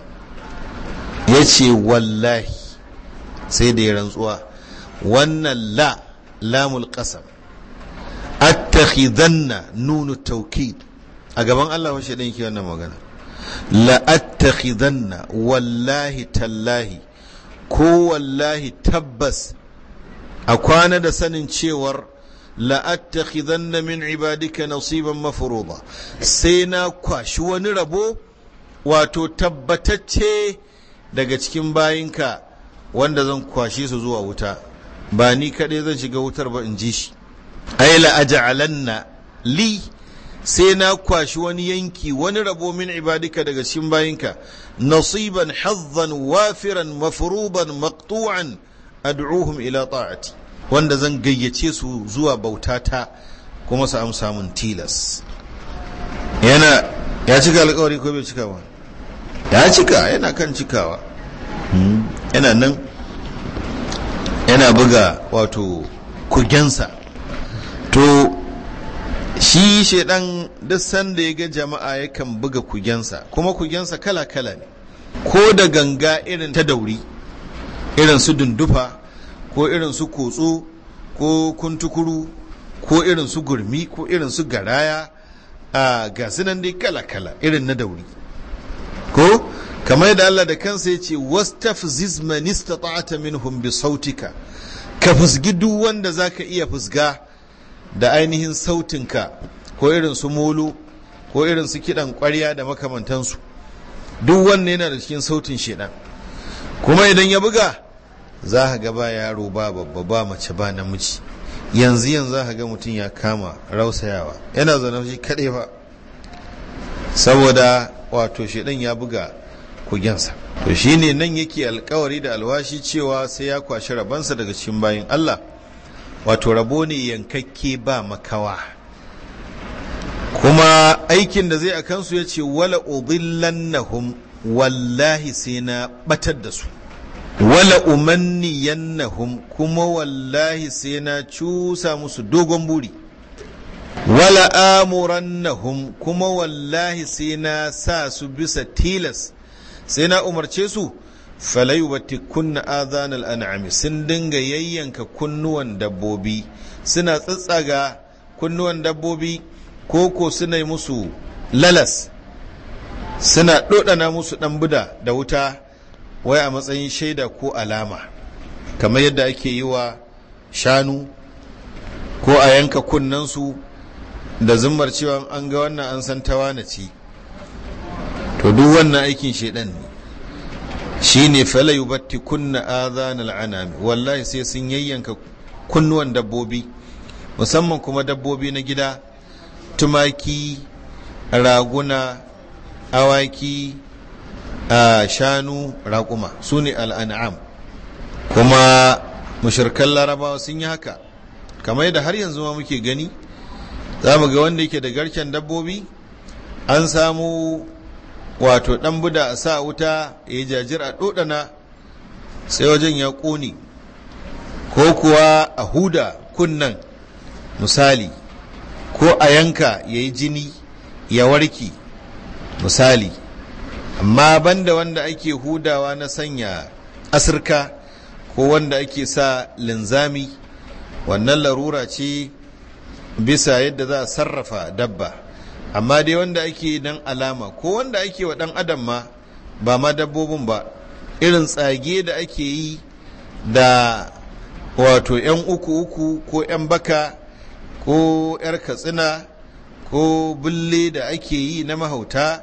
ya ce wallahi sai da ya rantsuwa wannan la' lamul qasam attakhidanna nunu tawkid a gaban Allah wa shaidan yake wannan magana la attakhidanna wallahi tallahi ko wallahi tabbas a kwana da sanin cewar la attakhidanna min ibadika nasiban mafruḍa sai na kwashi wani rabo wato tabbatacce daga cikin bayinka wanda zan kwashe su zuwa wuta ba ni kaɗai zan shiga wutar ba in ji shi ai la'aja'alanna li sai na kwashi wani yanki wani rabo min ibadika daga cikin bayinka nasiban hazzan wafiran mafruban maqtu'an ad'uhum ila ta'ati wanda zan gayyace su zuwa bautata kuma su amsa mun tilas yana ya cika alƙawari ko bai cika ba ya cika yana kan cikawa hmm, yana nan yana buga wato kugensa to shi shaidan duk sanda ya ga jama'a yakan buga kugensa kuma kugensa kala-kala ne ko da ganga irin ta dauri irin su dundufa ko irin su kotso ko kuntukuru ko irin su gurmi ko irin su garaya a gasinan dai kala-kala irin na dauri ko kamar da Allah da kansa ya ce wastafziz man istata'ta minhum bi sautika ka fusgi duk wanda zaka iya fusga da ainihin ka ko irin su molo ko irin su kidan ƙwarya da makamantansu duk wanne yana da cikin sautin shedan kuma idan ya buga za ka ga ba yaro ba babba ba mace ba namiji yanzu yanzu za ka ga mutum ya kama rausayawa yana zaune shi kaɗai ba saboda wato shedan ya buga kugensa to shine nan yake alkawari da alwashi cewa sai ya kwashi rabansa daga cikin bayin Allah wato rabo ne yankakke ba makawa kuma aikin da zai a kansu ya ce wala udillannahum wallahi sai na batar da su wala umanniyannahum kuma wallahi sai na cusa musu dogon buri wala amurannahum kuma wallahi sai na sa su bisa tilas sai na umarce su falai wata kunna azan al'an'ami sun dinga yayyanka kunnuwan dabbobi suna tsatsaga kunnuwan dabbobi ko suna yi musu lalas suna ɗoɗana musu ɗan buda da wuta wai a matsayin shaida ko alama kamar yadda ake yi wa shanu ko a yanka kunnansu da zummar cewa an ga wannan an san tawa na ci to duk wannan aikin shedan ne Shi ne fala yubatti kunna adhanal anami wallahi sai sun yayyanka kunnuwan dabbobi musamman kuma dabbobi na gida tumaki raguna awaki shanu raƙuma su ne al'an'am kuma mushirkan larabawa sun yi haka kamar yadda har yanzu ma muke gani za mu ga wanda yake da garken dabbobi an samu wato ɗan buda a sa wuta ya yi jajir a ɗoɗana sai wajen ya ƙone ko kuwa a huda kunnan misali ko a yanka ya yi jini ya warki misali amma banda wanda ake hudawa na sanya asirka ko wanda ake sa linzami wannan larura ce bisa yadda za a sarrafa dabba amma dai wanda ake dan alama ko wanda ake wa dan adam ma ba ma dabbobin ba irin tsage da ake yi da wato 'yan uku uku ko 'yan baka ko 'yar katsina ko bulle da ake yi na mahauta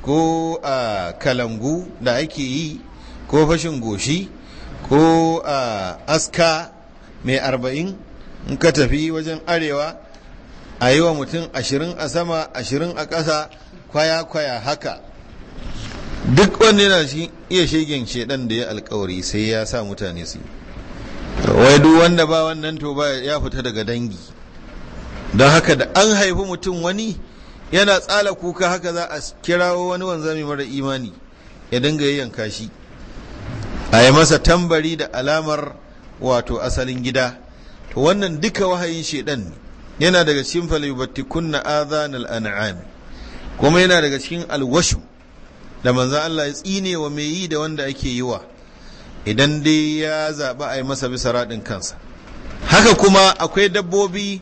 ko a kalangu da ake yi ko fashin goshi ko a aska mai arba'in in ka tafi wajen arewa a yi wa mutum ashirin a sama ashirin a ƙasa kwaya-kwaya haka duk wanda yana shi iya shegen shedan da ya alkawari sai ya sa mutane su wai duk wanda ba wannan to ba ya fita daga dangi don haka da an haifi mutum wani yana tsala kuka haka za a kirawo wani wanzami mara imani ya dinga yi yanka shi a yi masa tambari da alamar wato asalin gida to wannan duka wahayin shedan ne yana daga cikin falyubattikunna adhanal an'am kuma yana daga cikin alwashu da manzan Allah ya tsine wa mai yi da wanda ake yi wa idan dai ya zaɓi a yi masa bisa raɗin kansa haka kuma akwai dabbobi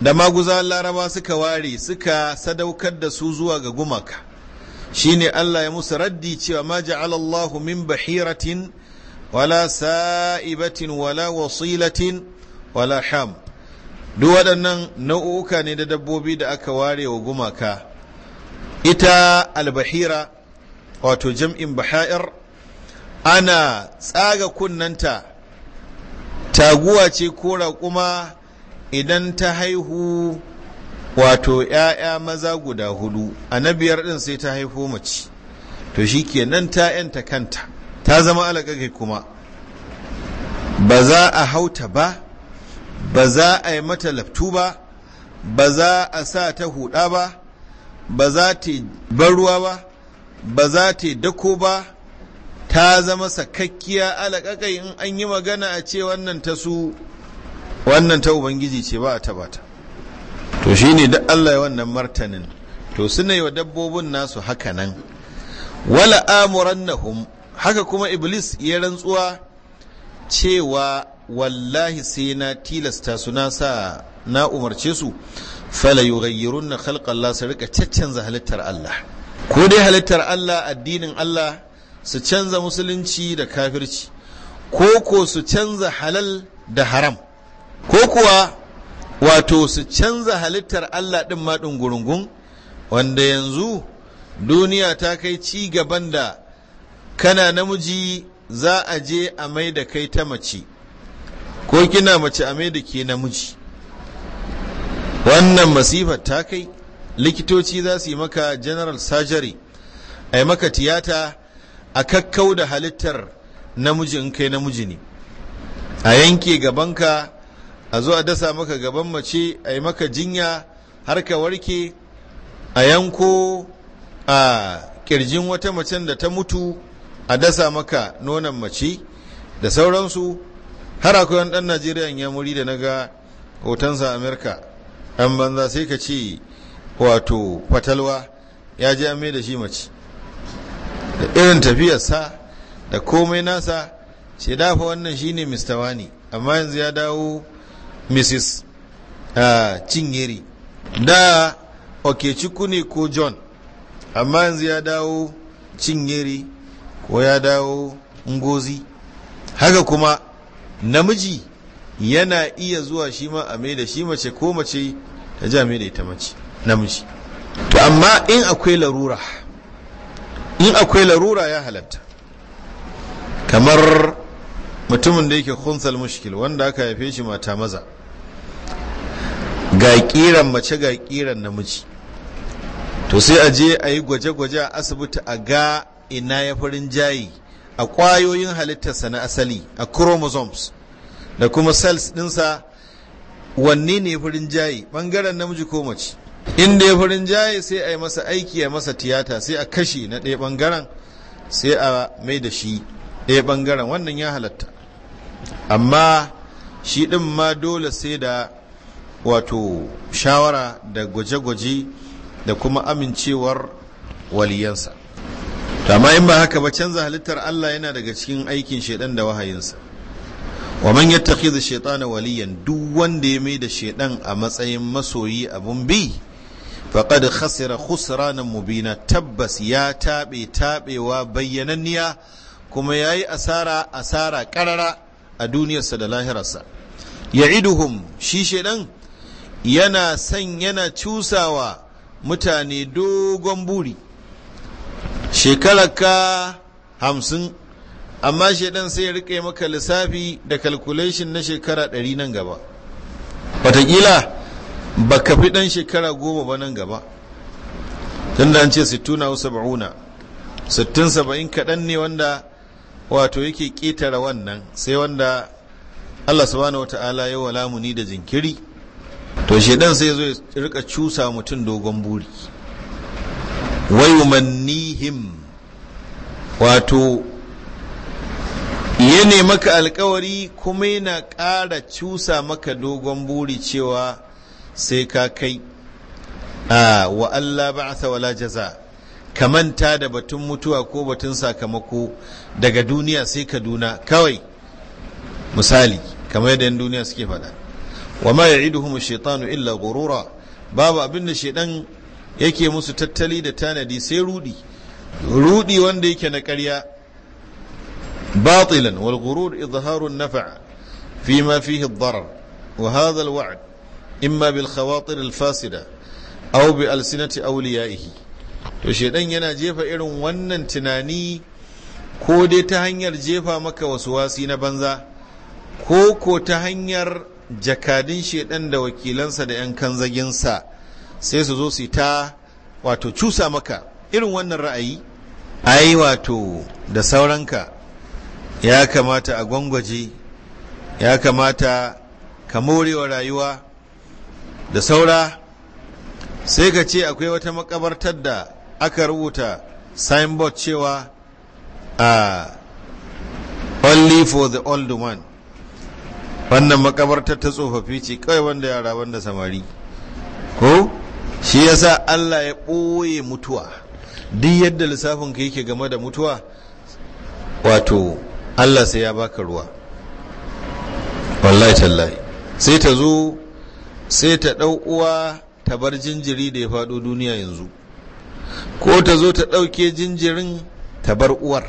da maguza laraba suka ware suka sadaukar da su zuwa ga gumaka shine Allah ya musu raddi cewa ma Allah min bahiratin wala sa'ibatin wala wasilatin wala ham duk waɗannan nau'uka ne da dabbobi da aka ware wa gumaka ita albahira wato jam'in baha'ir ana tsaga kunnanta taguwa ce ko raƙuma idan ta haihu wato ‘ya'ya maza guda hudu a na biyar ɗin sai ta haifo mace to shi ke nan ta ‘yanta kanta ta zama alaƙaƙe kuma ba za a hauta ba ba za a yi mata laftu ba ba za a sa ta huda ba ba za ta barruwa ba ba za ta dako ba ta zama sakakkiya alaƙaƙai in an yi magana a ce wannan ta su wannan ta ubangiji ce ba a tabata to shi ne da allah ya wannan martanin to suna yi wa dabbobin nasu haka nan wala hum. haka kuma iblis ya rantsuwa cewa wallahi sai na tilasta su na sa na umarce su fala yughayyirun na khalqa Allah su rika caccanza halittar Allah ko dai halittar Allah addinin Allah su canza musulunci da kafirci ko ko su canza halal da haram ko kuwa wato su canza halittar Allah ɗin ma din gurungun wanda yanzu duniya ta kai ci gaban da kana namiji za a je a mai da kai ta mace ko kina mace a mai da ke namiji wannan masifar ta kai likitoci za su yi maka general surgery a yi maka tiyata a kakkau da halittar namiji in kai namiji ne a yanke gabanka a zo a dasa maka gaban mace a yi maka jinya har ka warke a yanko a kirjin wata macen da ta mutu a dasa maka nonon mace da sauransu har akwai wani dan najeriya ya muri da na ga hotonsa amerika an banza sai ka ce wato fatalwa ya je an da shi mace da irin tafiyarsa da komai nasa ce dafa wannan shi ne mr wani amma yanzu ya dawo mrs cinyeri da okechukwu ne ko john amma yanzu ya dawo cinyeri ko ya dawo ngozi haka kuma namiji yana iya zuwa shi ma a maida shi mace ko mace ta ja maida ita mace namiji to amma in akwai larura in akwai larura ya halatta kamar mutumin da yake khunsal mushkil wanda aka haife shi mata maza ga kiran mace ga kiran namiji to sai a je a yi gwaje-gwaje a asibiti a ga ina ya farin jayi a ƙwayoyin halittarsa na asali a chromosomes da kuma cells ɗinsa wanne ne furin jaye ɓangaren namiji ko mace inda ya furin jaye sai a yi masa aiki a masa tiyata sai a kashe na ɗaya ɓangaren sai a mai da shi ɗaya ɓangaren wannan ya halatta amma shi ɗin ma dole sai da wato shawara da gwaje-gwaje da kuma amincewar waliyansa to amma in ba haka ba canza halittar Allah yana daga cikin aikin shaidan da wahayinsa wa man yattakhidhu shaytana waliyan duk wanda ya mai da shaidan a matsayin masoyi abun bi faqad khasira khusranan mubina tabbas ya taɓe-taɓe tabewa bayyananniya kuma yayi asara asara karara a duniyarsa da lahirarsa ya'iduhum shi shaidan yana san yana cusawa mutane dogon buri shekararka hamsin amma shaidan sai ya rike maka lissafi da calculation na shekara ɗari nan gaba watakila ba ka fi ɗan shekara goma ba nan gaba tun da an ce sittuna wa ba'una sittin saba'in kaɗan ne wanda wato yake ƙetare wannan sai wanda allah subhanahu wa ta'ala ya wala da jinkiri to shaidan sai ya zo ya rika cusa mutum dogon buri wa him wato ya maka alkawari kuma yana ƙara cusa maka dogon buri cewa sai ka kai a wa Allah a wala jaza ka manta da batun mutuwa ko batun sakamako daga duniya sai ka duna kawai misali kamar yadda yan duniya suke faɗa wa ma ya ya'iduhum shaitanu illa gurura babu abin da shaidan yake musu tattali da tanadi sai rudi rudi wanda yake na ƙarya batilan wal ghurur izharu an fi ma fihi ad-darar wa hadha al-wa'd imma bil khawatir al-fasida aw bi alsinati awliyaihi to shedan yana jefa irin wannan tunani ko dai ta hanyar jefa maka wasu wasi na banza ko ko ta hanyar jakadin shedan da wakilansa da 'yan kanzaginsa sai su zo su ta wato cusa maka irin wannan ra'ayi ai wato da sauranka ya kamata a gwangwaje ya kamata ka morewa rayuwa da saura sai ka ce akwai wata makabartar da aka rubuta signboard cewa a only for the old man wannan makabartar ta tsofaffi ce kawai wanda yara wanda samari ko shi yasa Allah ya ɓoye mutuwa duk yadda lissafin ka yake game da mutuwa wato Allah sai ya baka ruwa wallahi tallahi sai ta zo sai ta ɗau uwa ta bar jinjiri da ya faɗo duniya yanzu ko ta zo ta ɗauke jinjirin ta bar uwar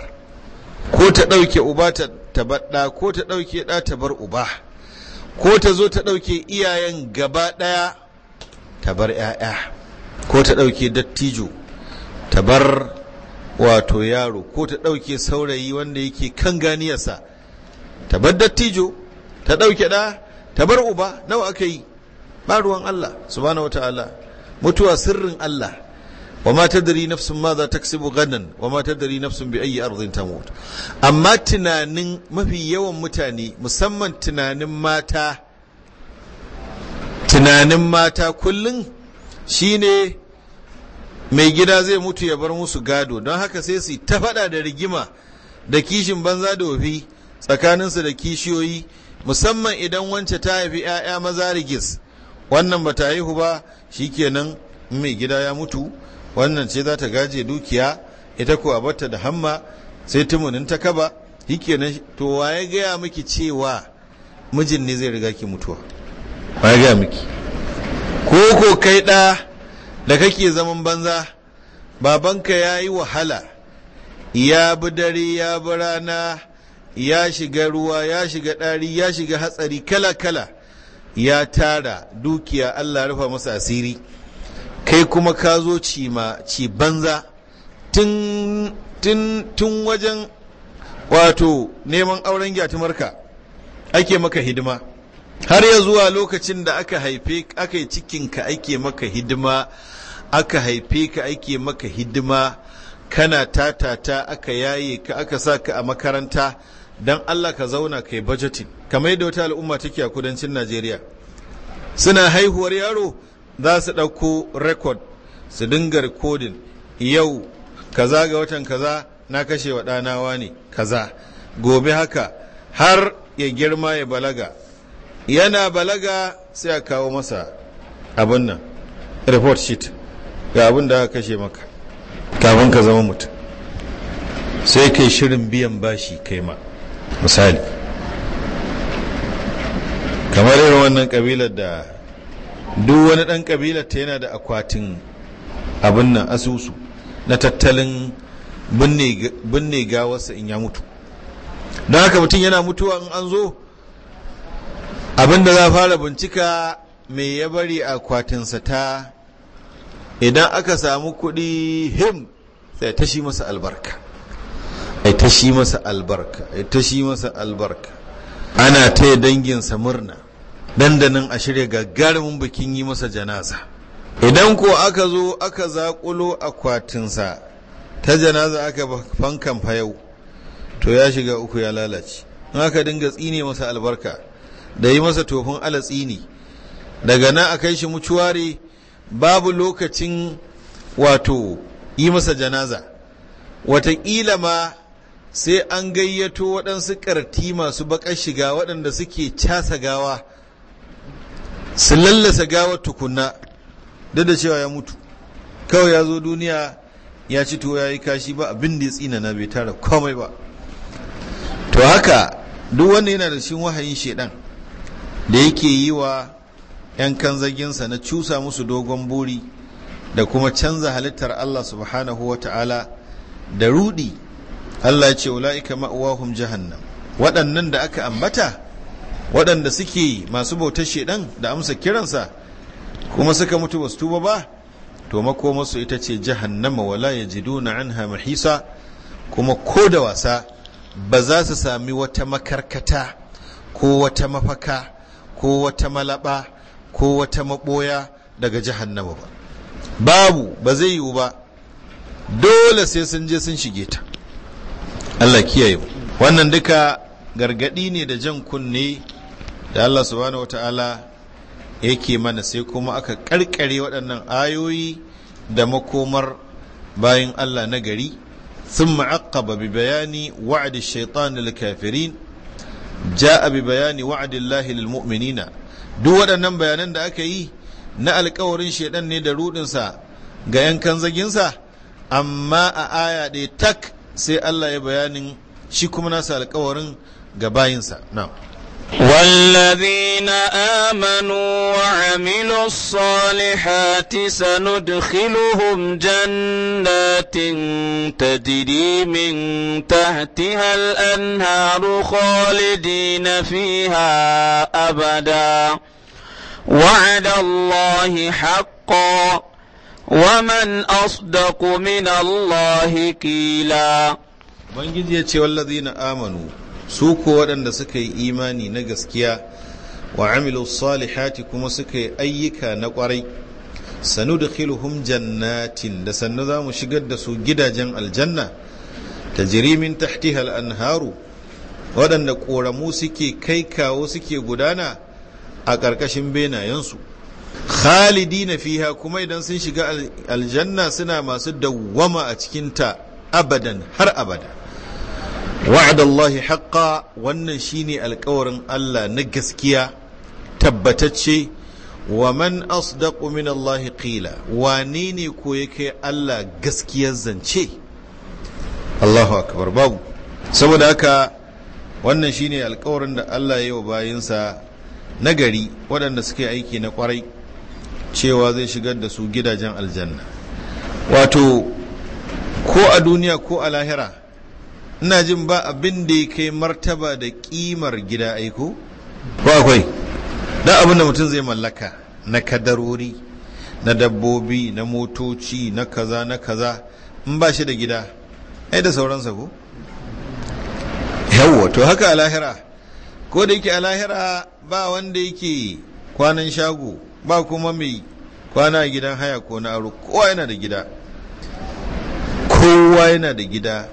ko ta ɗauke uba ta baɗa ɗa ko ta ɗauke ɗa ta bar uba ko ta zo ta ɗauke iyayen gaba ɗaya ta bar 'ya'ya ko ta ɗauke dattijo ta bar wato yaro ko ta ɗauke saurayi wanda yake kan ganiyarsa ta bar dattijo ta ɗauke ɗa ta bar uba nawa aka yi ba ruwan Allah subhanahu wata'ala mutuwa sirrin Allah wa ma tadri nafsun ma za kasibu ganin. wa ma tadri nafsun bi ayi ta mutu amma tunanin mafi yawan mutane musamman tunanin mata tunanin mata kullum shine mai gida zai mutu ya bar musu gado don haka sai su ta faɗa da rigima da kishin banza da wafi tsakaninsu da kishiyoyi musamman idan wance ta haifi 'ya'ya maza rigis wannan ba ta haihu ba Shi shikenan mai gida ya mutu wannan ce za ta gaje dukiya ita ko abarta da hamma sai tumunin ta kaba shikenan to waye gaya miki cewa mijin ne zai riga ki mutuwa ba ga miki ko ko kai ɗa da kake zaman banza babanka ya yi wahala ya bi dare ya bi rana ya shiga ruwa ya shiga ɗari ya shiga hatsari kala-kala ya tara dukiya Allah rufa masa asiri kai kuma ka zo ci ci banza tun wajen wato neman auren gyatumarka ake maka hidima har ya zuwa lokacin da aka haife aka yi cikinka ake maka hidima aka haife ka ake maka hidima kana tatata aka yaye ka aka sa ka a makaranta don Allah ka zauna kai budgeting kamar yadda wata al'umma take a kudancin Najeriya suna haihuwar yaro za su ɗauko record su dinga recording yau kaza ga watan kaza na kashe wa ɗanawa ne kaza gobe haka har ya girma ya balaga yana balaga sai a kawo masa abin nan report sheet ga abin da aka kashe maka kafin ka zama mutum sai kai shirin biyan bashi kai ma misali kamar irin wannan kabilar da duk wani ɗan kabilar ta yana da akwatin abin nan asusu na tattalin binne gawarsa in ya mutu don haka mutum yana mutuwa in an zo Abin da za fara bincika mai ya bari akwatinsa ta idan aka samu kuɗi him sai ta shi masa albarka ai ta shi masa albarka ai ta shi masa albarka ana taya danginsa murna dandanin a shirya gagarumin bikin yi masa janaza idan ko aka zo aka zaƙulo akwatinsa ta janaza aka fankan fayau to ya shiga uku ya lalace in aka dinga tsine masa albarka da yi masa tofin alatsi ne daga nan a kai shi mucuware babu lokacin wato yi masa janaza watakila ma sai an gayyato waɗansu ƙarti masu baƙar shiga waɗanda suke casa gawa su lallasa gawar tukunna duk da cewa ya mutu kawai ya zo duniya ya ci to ya yi kashi ba abin da ya tsina na bai tara komai ba to haka duk wanda yana da shi wahayin shaidan. da yake yi wa 'yan kanzaginsa na cusa musu dogon buri da kuma canza halittar Allah subhanahu wa ta'ala da rudi Allah ce ula'ika ma'uwahum jahannam waɗannan da aka ambata waɗanda suke masu bautar shedan da amsa kiransa kuma suka mutu basu tuba ba to makomarsu ita ce jahannama wala na anha hisa? kuma ko da wasa ba za su sami wata makarkata ko wata mafaka ko wata malaba ko wata maboya daga jahannama ba babu ba zai yiwu ba dole sai sun je sun shige ta Allah kiyaye mu wannan duka gargadi ne da jan kunne da Allah subhanahu wataala yake mana sai kuma aka karkare waɗannan ayoyi da makomar bayan Allah na gari sun ma'aqqaba bi bayani wa'adi shaitan lil kafirin ja'a bi bayani wa'dillahi lil mu'minina duk waɗannan bayanan da aka yi na alkawarin shedan ne da sa ga yankan zaginsa amma a aya ɗaya tak sai Allah ya bayanin shi kuma nasa alkawarin ga bayinsa na'am والذين آمنوا وعملوا الصالحات سندخلهم جنات تجري من تحتها الأنهار خالدين فيها أبدا وعد الله حقا ومن أصدق من الله قيلا. وإن جدي يتي والذين آمنوا su ko waɗanda suka yi imani na gaskiya wa amilu salihati kuma suka yi ayyuka na ƙwarai sanu da jannatin da sannu za mu shigar da su gidajen aljanna ta jirimin tahtihal anharu waɗanda ƙoramu suke kai kawo suke gudana a ƙarƙashin benayensu khalidi na fiha kuma idan sun shiga aljanna suna masu dawwama a cikinta abadan har abada wa'adallahi haƙa wannan shine alƙawarin Allah na gaskiya tabbatacce wa man asdaqu min Allah qila Wani ne ko yake Allah gaskiyar zance Allahu akbar babu saboda haka wannan shine alƙawarin da Allah ya yi wa bayinsa nagari waɗanda suke aiki na ƙwarai, cewa zai shigar da su gidajen aljanna wato ko a duniya ko a lahira ina jin ba abin da ya kai martaba da kimar gida aiko ba akwai don abin da mutum zai mallaka na kadarori na dabbobi na motoci na kaza na kaza in ba shi da gida ai da sauransa ko Yawo to haka a ko da yake a ba wanda yake kwanan shago ba kuma mai kwana gidan haya ko na aro kowa yana da gida kowa yana da gida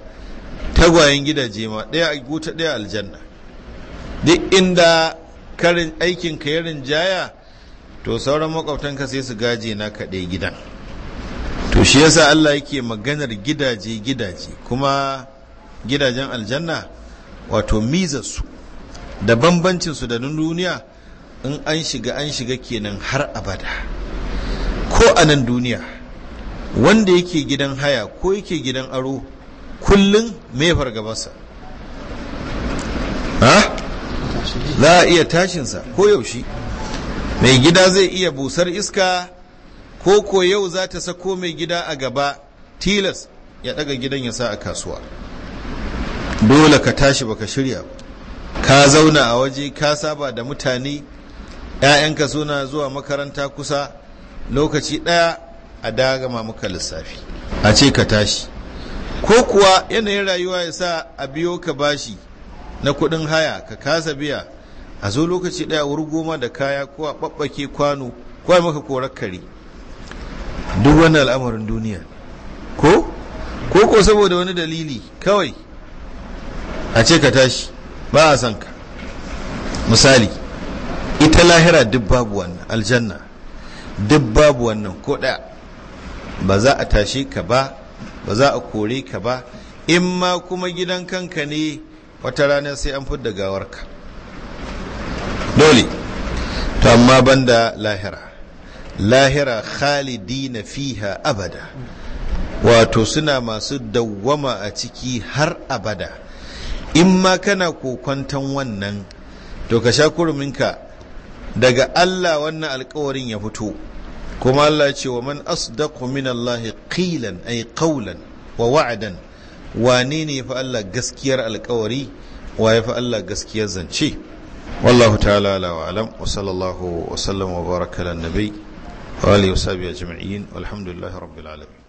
tagwayen gidaje ma ɗaya a guta ɗaya aljanna duk inda karin aikin ka yarin jaya to sauran makwabtanka sai su gaje na kaɗai gidan to shi yasa Allah yake maganar gidaje gidaje kuma gidajen aljanna wato mizarsu da bambancinsu da duniya in an shiga an shiga kenan har abada ko a nan duniya wanda yake gidan haya ko yake gidan aro kullum me fargabarsa ha za a iya tashinsa ko yaushe mai gida zai iya busar iska ko ko yau za ta sako mai gida a gaba tilas ya daga gidan ya sa a kasuwa dole ka tashi baka shirya ka zauna a waje ka saba da mutane 'ya'yanka suna zuwa makaranta kusa lokaci ɗaya a daga maka lissafi a ce ka tashi ko kuwa yanayin rayuwa ya sa a biyo ka bashi na kuɗin haya ka kasa biya a zo lokaci ɗaya wuri goma da kaya ko a ɓaɓɓake kwano ko a maka korar kare duk wani al'amarin duniya ko ko ko saboda wani dalili kawai a ce ka tashi ba a son ka misali ita lahira duk babu wannan aljanna duk babu wannan ko ɗaya ba za a tashi ka ba ba za a kore ka ba in ma kuma gidan kanka ne wata rana sai an fudda gawarka dole to amma banda lahira lahira khalidina fiha abada wato suna masu dawwama a ciki har abada in ma kana kokwantan wannan to ka sha kuruminka daga Allah wannan alkawarin ya fito kuma Allah ya ce wa man asdaqu min Allah qilan ay qawlan wa wa'dan wane ne fa Allah gaskiyar alkawari wa ya fa Allah gaskiyar zance wallahu ta'ala ala wa alam wa sallallahu wa sallama wa baraka ala nabi wa alihi wa sahbihi ajma'in walhamdulillahi rabbil alamin